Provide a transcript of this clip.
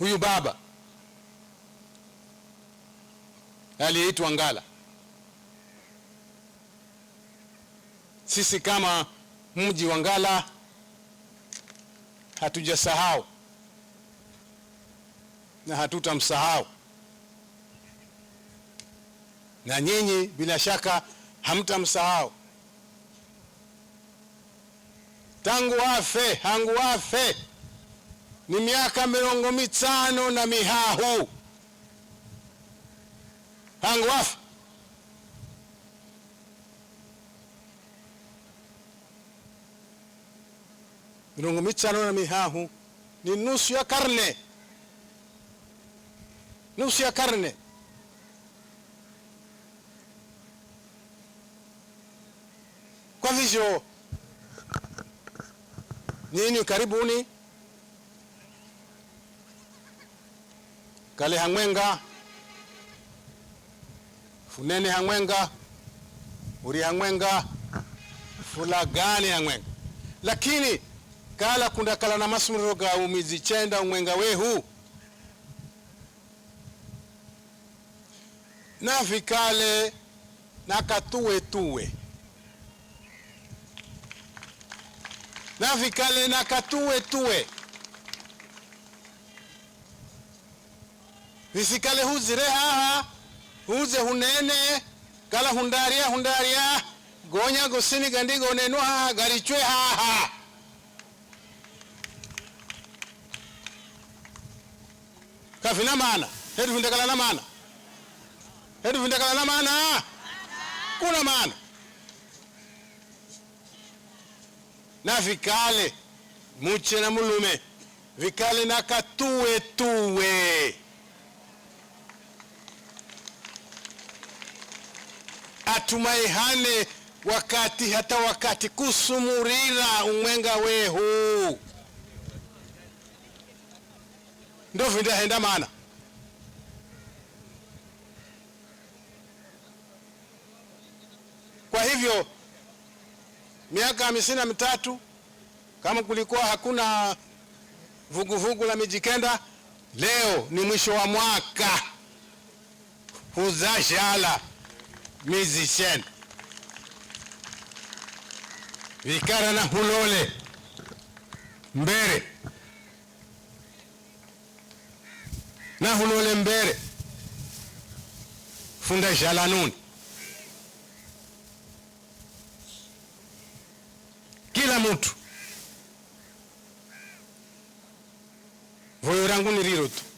Huyu baba aliyeitwa Ngala, sisi kama mji wa Ngala hatujasahau na hatutamsahau, na nyinyi bila shaka hamtamsahau. Tangu afe hangu afe ni miaka milongo mitano na mihahu hangu wafu milongo mitano na mihahu ni nusu ya karne, nusu ya karne. Kwa hivyo nyinyi karibuni Kale hang'wenga funene hang'wenga uri hang'wenga fulagani hang'wenga lakini kala kundakala na masumiro ga umizi chenda umwenga wehu navikale nakatuwetuwe navikale nakatuwetuwe visikale huzire haha huze hunene kala hundaria hundaria gonya gosini gandigonenu haha garichwe haha na maana hedu vindakala na maana hedu vindakala na maana kuna maana na vikale muche na mulume vikale na katuwetuwe tumaihane wakati hata wakati kusumurira umwenga wehu ndo vindahenda maana kwa hivyo miaka hamsini na mitatu kama kulikuwa hakuna vuguvugu la mijikenda leo ni mwisho wa mwaka huzashala musicien na hulole mbere na hulole mbere funda jalanuni kila mutu voyo rangu ni riro